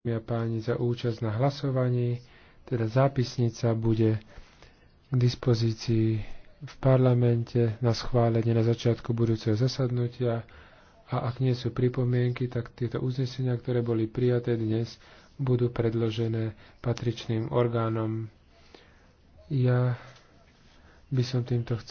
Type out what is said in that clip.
a páni, za účasť na hlasovaní, teda zápisnica bude k dispozícii v parlamente na schválenie na začiatku budúceho zasadnutia a ak nie sú pripomienky, tak tieto uznesenia, ktoré boli prijaté dnes, budú predložené patričným orgánom. Ja by som týmto chcel